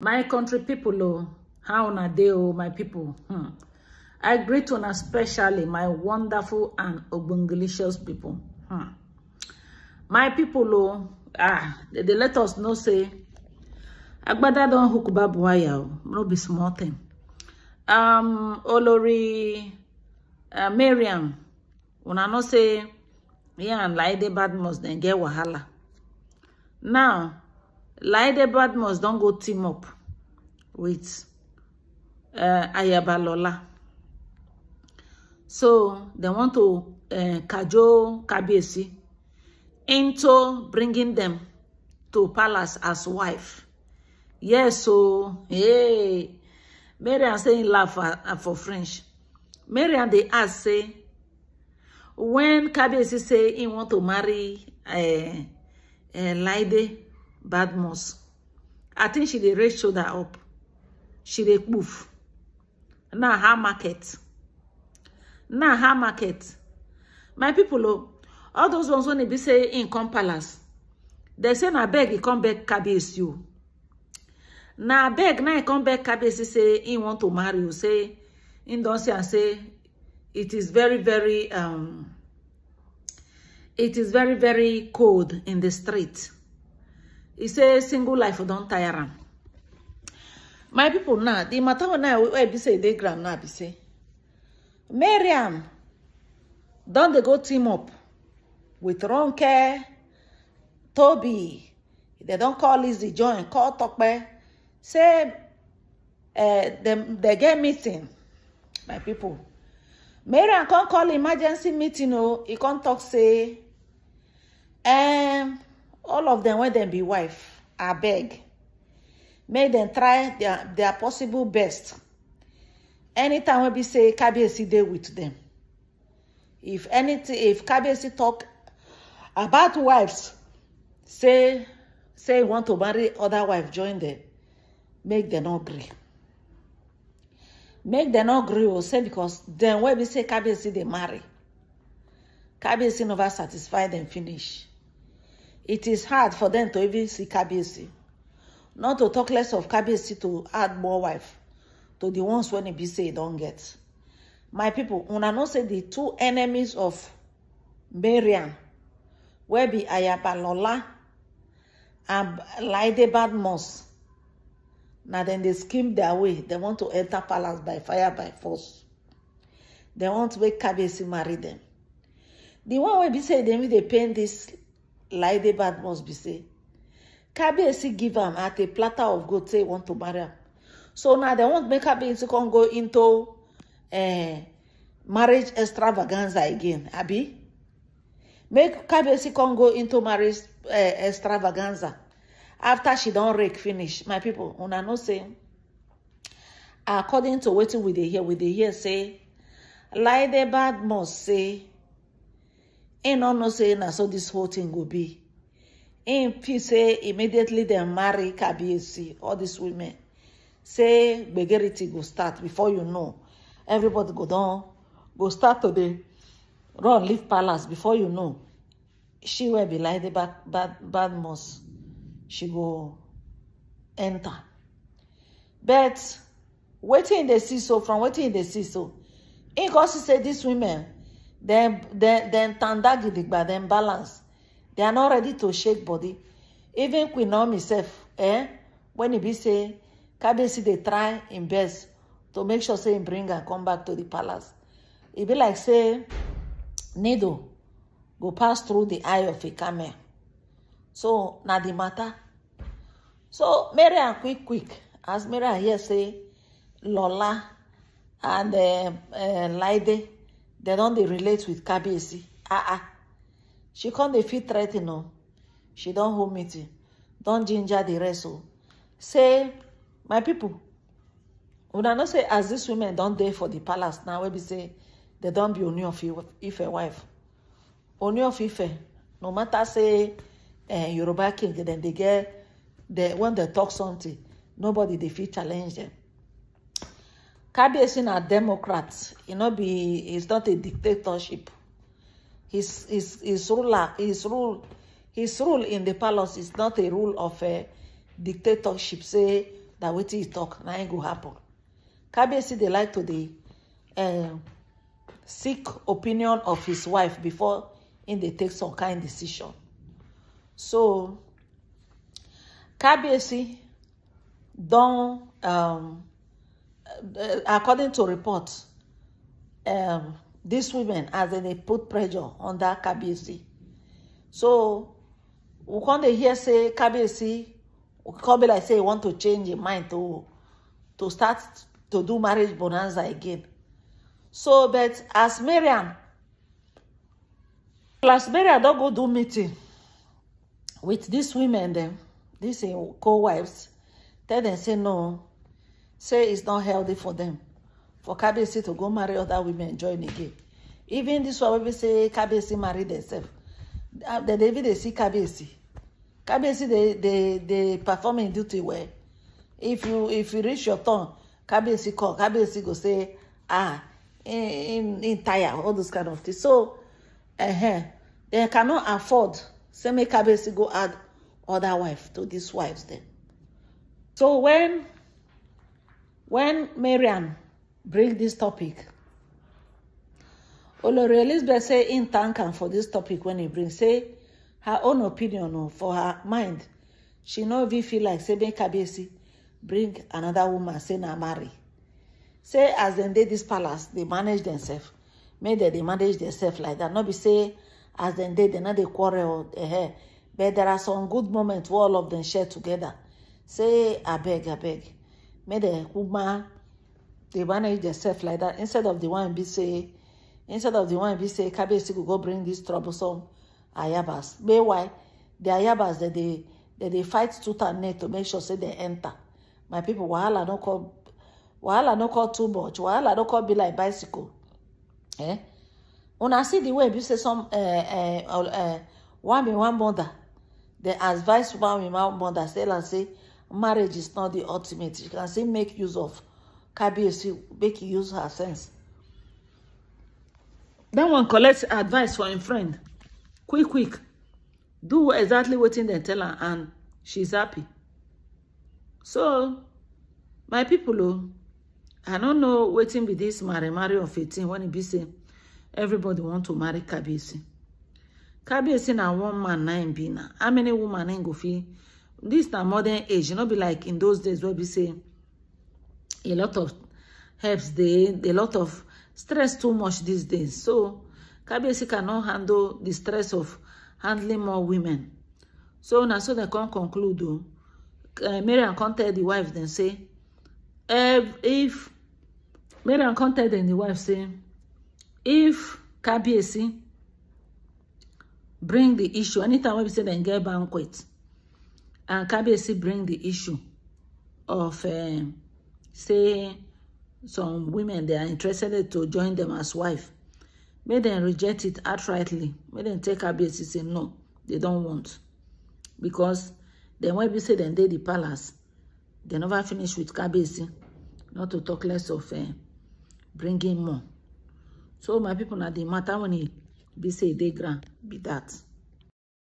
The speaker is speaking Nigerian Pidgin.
my country people oh how una dey oh my people hmm. i greet una especially my wonderful and ogbongelicious people hmm. my people oh ah they, they let us know say agbada don't hook back wire oh, no be small thing um olori uh, mariam una no say yeah and like the bad must then get wahala now laide badmus don't go team up with uh, ayabalola so they want to uh, cajole kabiyesi into bringing them to palace as wife yes o hey marian say im laugh uh, for french marian they ask say when kabiyesi say he want to marry laide badmus i think she dey raise shoulder up she dey poof na her market Now her market my people oh all those ones when they be say in come palace dem say na beg e come back kabiyesi You na beg na e come back kabiyesi say he want to marry you. say im don't say. am say it is very very um it is very very cold in the street He say single life don't tire him. my people now the matter now, wey be say they ground now be say mariam don't they go team up with ronke toby they don't call lizzie join call tope say eh, they get meeting my people. mariam can't call emergency meeting Oh, he can't talk say um, all of them when dem be wife I beg, make them try their their possible best anytime wey be say KBC dey with them. if anything if KBC talk about wives say say want to marry other wife join them. make them not agree. make them not agree. o oh, say because then when be say KBC they marry KBC never satisfy them finish it is hard for them to even see Kabiyesi. Not to talk less of Kabiyesi to add more wife to the ones when it be say don't get. My people, una know say the two enemies of Mariam, wey be Ayabalola and Laide Badmus, Now then, they scheme their way. They want to enter palace by fire by force. They want to make Kabiyesi marry them. The one wey be say dem dey paint this Lie the bad must be say kabiyesi give him at a platter of gold say want to marry him. so now they want make kabiyesi come go into uh, marriage extravaganza again abi make kabiyesi come go into marriage uh, extravaganza after she don't rake finish my people una know say according to wetin we dey hear we dey hear say lie the bad must say him no know say na so this whole thing will be him feel say immediately they marry kabiyesi all these women say gbegerity go start before you know everybody go down, go start today. run leave palace before you know she will be like the bad bad bad must she go enter but waiting e dey see so from waiting e dey see so e come see say these women then then then tanda gidigba then balance they are not ready to shake body even queen naomi sef eh when e be say kabiyesi dey try im best to make sure say im bring her come back to the palace e be like say needle go pass through the eye of a camel so na the matter so mariam quick quick as mariam hear say lola and eh, eh, laide They don't they relate with KBC. ah ah she come they feel threa no. Oh. she don't hold meeting Don't ginger the rest o oh. say my people, pipo una not say as this women don't dare for the palace now We be say they don't be only of ife wife only of ife no matter say eh, yoruba king then they get They when they talk something nobody they feel challenge them kabiyesi na democrat He no be it's not a dictatorship his his his ruler his rule his rule in the palace is not a rule of a eh, dictatorship say that wetin he talk na im go happen kabiyesi dey like to dey uh, seek opinion of his wife before im dey take some kind decision so kabiyesi don um, uh, according to report, um, these women, as they put pressure on that KBC, So, when they hear say KBC, come like say want to change his mind to, to start to do marriage bonanza again. So, but as Miriam, plus Miriam don't go do meeting with these women dem, these co-wives, tell dem say no, say it's not healthy for them for KBC to go marry other women join again even this one we say KBC marry themselves. dem uh, dey even dey see KBC, KBC they they they perform in duty well if you if you reach your turn KBC call KBC go say ah in in tire all those kind of things so uh -huh, dem cannot afford say make KBC go add other wife to these wives Then so when when Mariam bring this topic, Olori Elizabeth say in thank am for this topic when he bring say her own opinion or for her mind she no even feel like say make Kabesi bring another woman say na marry say as they did this palace they manage themselves Maybe they manage themselves like that no be say as they did, they no dey quarrel or but there are some good moments where all of them share together say I beg, I beg. May the woman dey manage themselves like that instead of the one be say instead of the one be say kabiyesi go bring this troublesome ayabas meanwhile the ayabas that they that they fight tooth and nail to make sure say they enter my people wahala no come wahala don't call too much wahala don't call be like bicycle eh when I see the way be say some uh, uh, uh, one be one mother they advise one be one mother say and say marriage is not the ultimate. She can say make use of Kabiyesi, make use her sense. That one collects advice for a friend. Quick, quick. Do exactly what they tell her and she's happy. So, my people, oh, I don't know waiting with this marry marry of 18 when it be say everybody want to marry Kabiyesi. Kabiyesi na one man na im be na. How many women na im go fit dis na modern age you e know, be like in those days where we say a lot of helps dey a lot of stress too much these days so KBC cannot handle the stress of handling more women so na so they can't conclude o uh, eh, mariam come tell the wife then say if, if mariam come tell dem the wife say if KBC bring the issue anytime we say then get banquet and Kabiyesi bring the issue of, uh, say, some women, they are interested to join them as wife. May them reject it outrightly. May them take Kabiyesi say no, they don't want. Because dem wey be say dem dey di palace dem never finish with kabesi not to talk less of uh, bringing more so my people na the matter when he be say they grant be that.